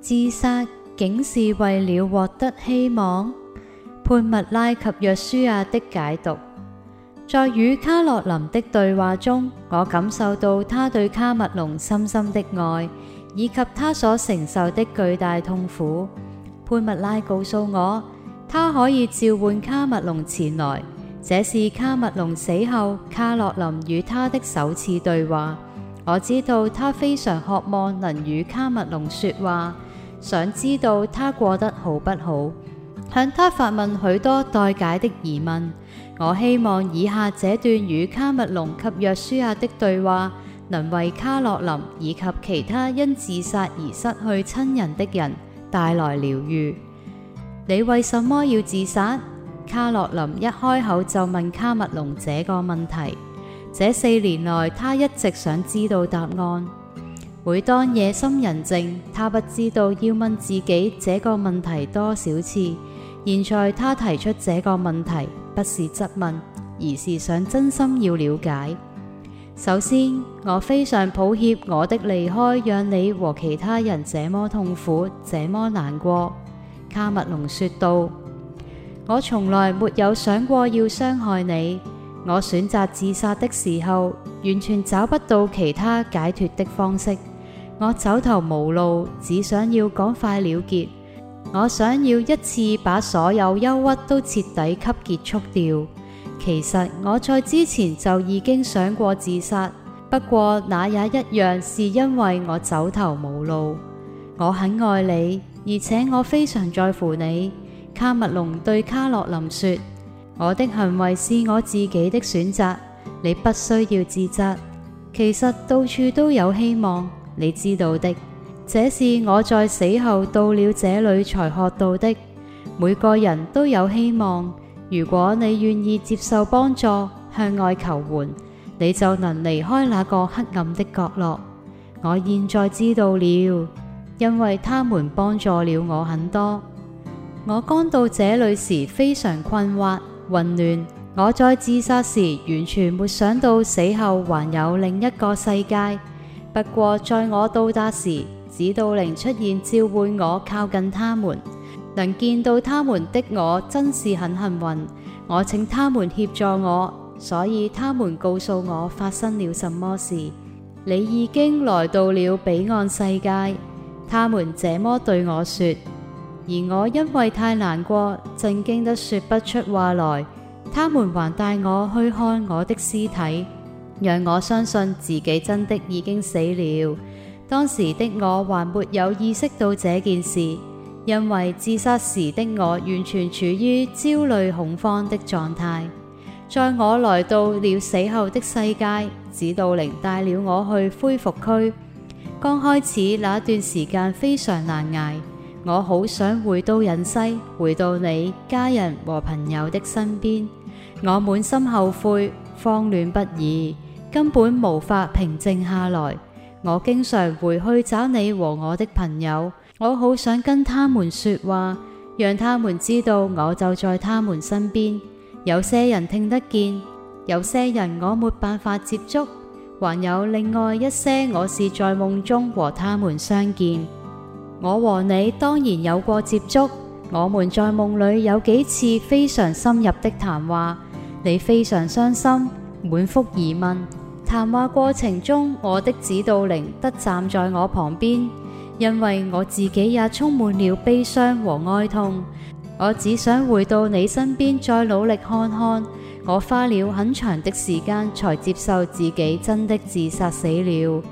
自殺竟是為了獲得希望。潘蜜拉及約書亞的解讀，在與卡洛琳的對話中，我感受到他對卡麥隆深深的愛，以及他所承受的巨大痛苦。潘蜜拉告訴我，他可以召喚卡麥隆前來。這是卡麥隆死後卡洛琳與他的首次對話。我知道他非常渴望能與卡麥隆說話。想知道他過得好不好，向他發問許多待解的疑問。我希望以下這段與卡麥隆及約書亞的對話，能為卡洛琳以及其他因自殺而失去親人的人帶來療癒。你為什麼要自殺？卡洛琳一開口就問卡麥隆這個問題。這四年來，他一直想知道答案。每當夜深人靜，他不知道要問自己這個問題多少次。現在他提出這個問題，不是質問，而是想真心要了解。首先，我非常抱歉我的離開讓你和其他人這麼痛苦，這麼難過。卡麥隆說道：我從來沒有想過要傷害你。我選擇自殺的時候，完全找不到其他解脫的方式。我走投無路，只想要趕快了結。我想要一次把所有憂鬱都徹底給結束掉。其實我在之前就已經想過自殺，不過那也一樣是因為我走投無路。我很愛你，而且我非常在乎你。卡麥隆對卡洛琳說：我的行為是我自己的選擇，你不需要自責。其實到處都有希望。你知道的，這是我在死後到了這裏才學到的。每個人都有希望，如果你願意接受幫助，向外求援，你就能離開那個黑暗的角落。我現在知道了，因為他們幫助了我很多。我剛到這裏時非常困惑、混亂。我在自殺時完全沒想到死後還有另一個世界。不過在我到達時，指導靈出現召喚我靠近他們，能見到他們的我真是很幸運。我請他們協助我，所以他們告訴我發生了什麼事。你已經來到了彼岸世界，他們這麼對我說。而我因為太難過，震驚得說不出話來。他們還帶我去看我的屍體。讓我相信自己真的已經死了。當時的我還沒有意識到這件事，因為自殺時的我完全處於焦慮恐慌的狀態。在我來到了死後的世界，指導靈帶了我去恢復區。剛開始那段時間非常難挨，我好想回到人世，回到你家人和朋友的身邊。我滿心後悔，慌亂不已。根本無法平靜下來。我經常回去找你和我的朋友，我好想跟他們說話，讓他們知道我就在他們身邊。有些人聽得見，有些人我沒辦法接觸，還有另外一些我是在夢中和他們相見。我和你當然有過接觸，我們在夢裏有幾次非常深入的談話。你非常傷心，滿腹疑問。談話過程中，我的指導靈得站在我旁邊，因為我自己也充滿了悲傷和哀痛。我只想回到你身邊，再努力看看。我花了很長的時間才接受自己真的自殺死了，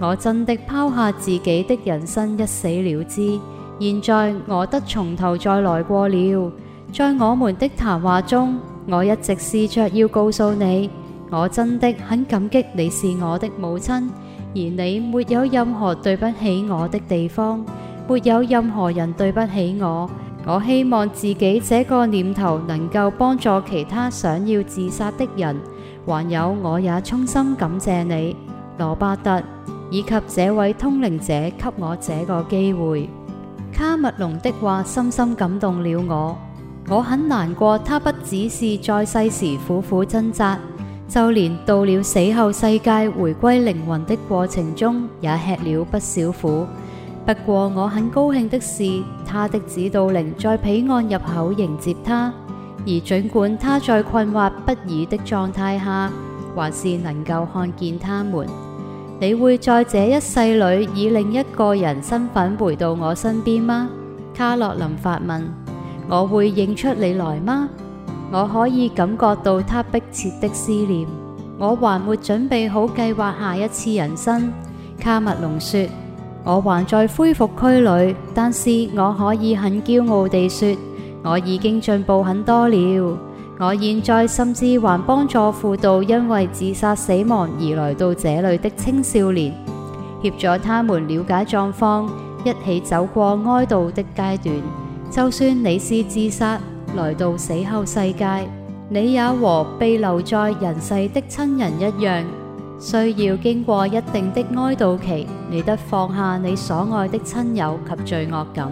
我真的拋下自己的人生一死了之。現在我得從頭再來過了。在我們的談話中，我一直試着要告訴你。我真的很感激你是我的母親，而你沒有任何對不起我的地方，沒有任何人對不起我。我希望自己這個念頭能夠幫助其他想要自殺的人。還有，我也衷心感謝你，羅伯特以及這位通靈者給我這個機會。卡密龍的話深深感動了我。我很難過，他不只是在世時苦苦掙扎。就連到了死後世界回歸靈魂的過程中，也吃了不少苦。不過我很高興的是，他的指導靈在彼岸入口迎接他，而盡管他在困惑不已的狀態下，還是能夠看見他們。你會在這一世裏以另一個人身份回到我身邊嗎？卡洛琳發問：我會認出你來嗎？我可以感覺到他迫切的思念。我還沒準備好計劃下一次人生。卡麥隆說：我還在恢復區裡，但是我可以很驕傲地說，我已經進步很多了。我現在甚至還幫助輔導因為自殺死亡而來到這裡的青少年，協助他們了解狀況，一起走過哀悼的階段。就算你是自殺。來到死後世界，你也和被留在人世的親人一樣，需要經過一定的哀悼期，你得放下你所愛的親友及罪惡感。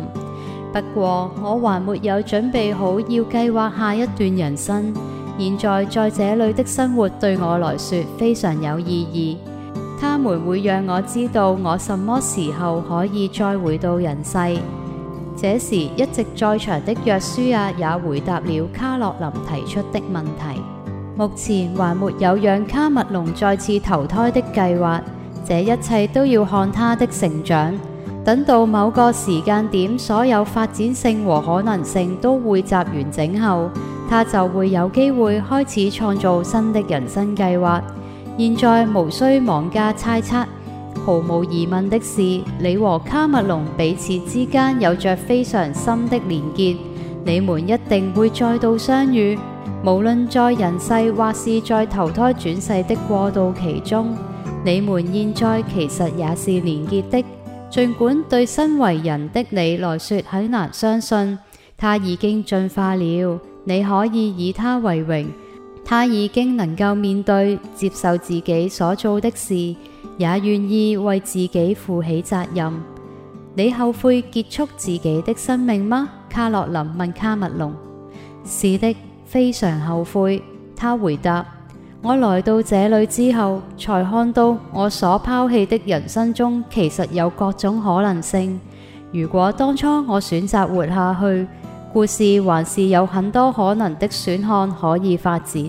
不過我還沒有準備好要計劃下一段人生，現在在這裡的生活對我來說非常有意義。他們會讓我知道我什麼時候可以再回到人世。這時，一直在場的約書亞、啊、也回答了卡洛琳提出的問題。目前還沒有讓卡麥隆再次投胎的計劃，這一切都要看他的成長。等到某個時間點，所有發展性和可能性都匯集完整後，他就會有機會開始創造新的人生計劃。現在無需妄加猜測。毫無疑問的是，你和卡密龍彼此之間有着非常深的連結，你們一定會再度相遇，無論在人世或是在投胎轉世的過渡期中，你們現在其實也是連結的，儘管對身為人的你來說很難相信，他已經進化了，你可以以他為榮。他已經能夠面對、接受自己所做的事，也願意為自己負起責任。你後悔結束自己的生命嗎？卡洛琳問卡密龍。是的，非常後悔。他回答：我來到這裡之後，才看到我所拋棄的人生中，其實有各種可能性。如果當初我選擇活下去，故事還是有很多可能的選項可以發展，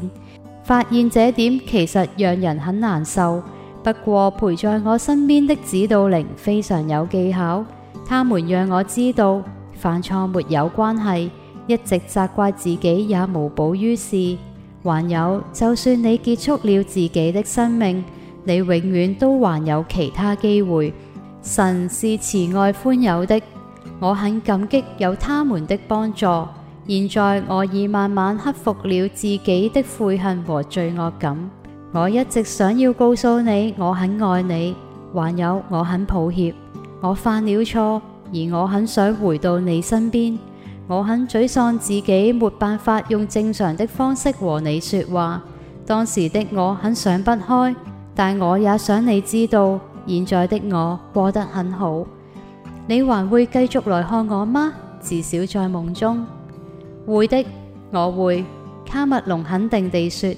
發現這點其實讓人很難受。不過陪在我身邊的指導靈非常有技巧，他們讓我知道犯錯沒有關係，一直責怪自己也無補於事。還有，就算你結束了自己的生命，你永遠都還有其他機會。神是慈愛寬宥的。我很感激有他們的幫助。現在我已慢慢克服了自己的悔恨和罪惡感。我一直想要告訴你，我很愛你，還有我很抱歉，我犯了錯，而我很想回到你身邊。我很沮喪，自己沒辦法用正常的方式和你說話。當時的我很想不開，但我也想你知道，現在的我過得很好。你還會繼續來看我嗎？至少在夢中。會的，我會。卡麥隆肯定地說：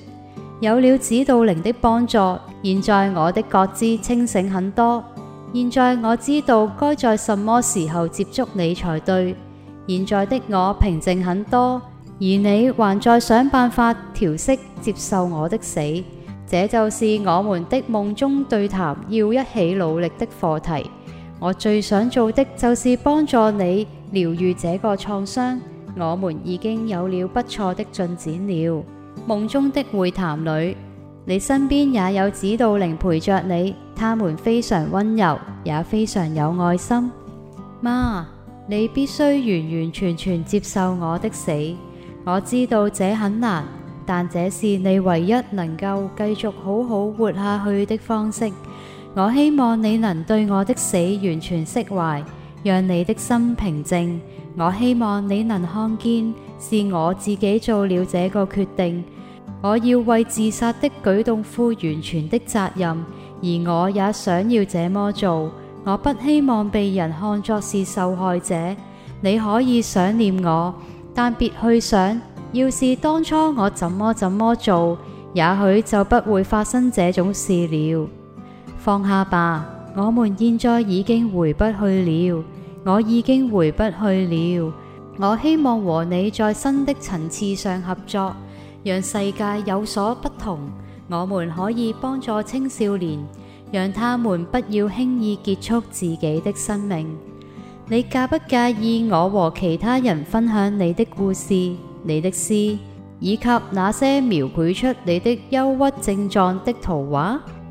有了指導靈的幫助，現在我的覺知清醒很多。現在我知道該在什麼時候接觸你才對。現在的我平靜很多，而你還在想辦法調適接受我的死。這就是我們的夢中對談要一起努力的課題。我最想做的就是幫助你療癒這個創傷，我們已經有了不錯的進展了。夢中的會談裏，你身邊也有指導靈陪着你，他們非常温柔，也非常有愛心。媽，你必須完完全全接受我的死。我知道這很難，但這是你唯一能夠繼續好好活下去的方式。我希望你能對我的死完全釋懷，讓你的心平靜。我希望你能看見是我自己做了這個決定，我要為自殺的舉動負完全的責任，而我也想要這麼做。我不希望被人看作是受害者。你可以想念我，但別去想，要是當初我怎麼怎麼做，也許就不會發生這種事了。放下吧，我們現在已經回不去了，我已經回不去了。我希望和你在新的層次上合作，讓世界有所不同。我們可以幫助青少年，讓他們不要輕易結束自己的生命。你介不介意我和其他人分享你的故事、你的詩，以及那些描繪出你的憂鬱症狀的圖畫？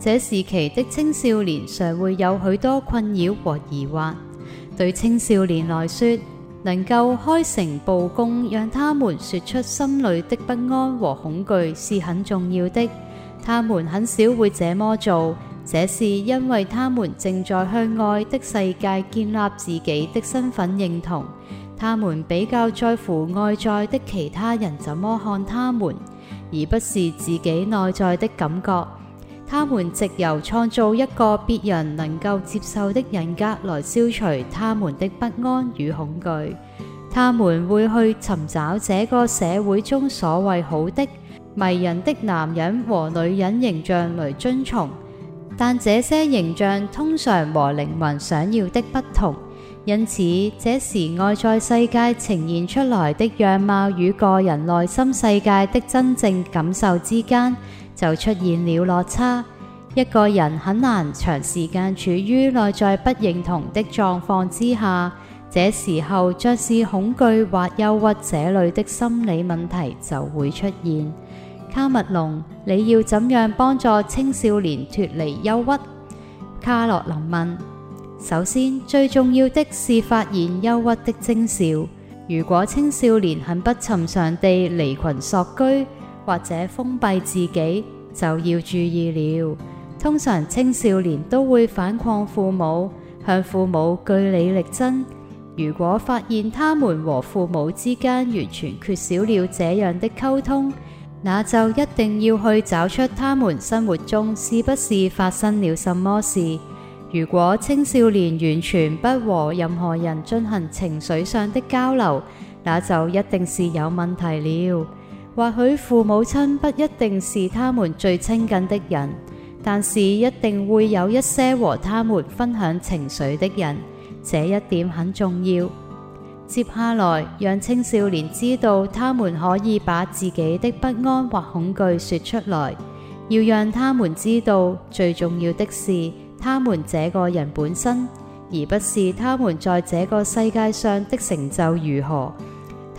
這時期的青少年常會有許多困擾和疑惑。對青少年來說，能夠開誠佈公，讓他們說出心裏的不安和恐懼是很重要的。他們很少會這麼做，這是因為他們正在向外的世界建立自己的身份認同。他們比較在乎外在的其他人怎麼看他們，而不是自己內在的感覺。他們藉由創造一個別人能夠接受的人格來消除他們的不安與恐懼，他們會去尋找這個社會中所謂好的、迷人的男人和女人形象來遵從，但這些形象通常和靈魂想要的不同，因此這時外在世界呈現出來的樣貌與個人內心世界的真正感受之間就出現了落差。一個人很難長時間處於內在不認同的狀況之下，這時候若是恐懼或憂鬱，這類的心理問題就會出現。卡麥隆，你要怎樣幫助青少年脫離憂鬱？卡洛琳問。首先最重要的是發現憂鬱的徵兆。如果青少年很不尋常地離群索居，或者封閉自己，就要注意了。通常青少年都會反抗父母，向父母據理力爭。如果發現他們和父母之間完全缺少了這樣的溝通，那就一定要去找出他們生活中是不是發生了什麼事。如果青少年完全不和任何人進行情緒上的交流，那就一定是有問題了。或許父母親不一定是他們最親近的人，但是一定會有一些和他們分享情緒的人，這一點很重要。接下來，讓青少年知道他們可以把自己的不安或恐懼說出來，要讓他們知道最重要的是他們這個人本身，而不是他們在這個世界上的成就如何。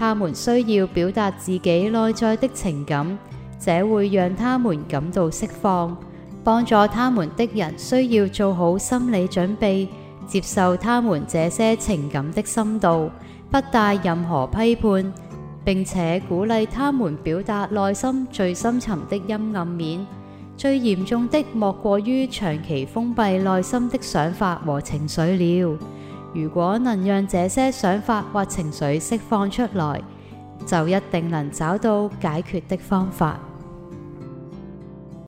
他們需要表達自己內在的情感，這會讓他們感到釋放。幫助他們的人需要做好心理準備，接受他們這些情感的深度，不帶任何批判，並且鼓勵他們表達內心最深層的陰暗面。最嚴重的莫過於長期封閉內心的想法和情緒了。如果能讓這些想法或情緒釋放出來，就一定能找到解決的方法。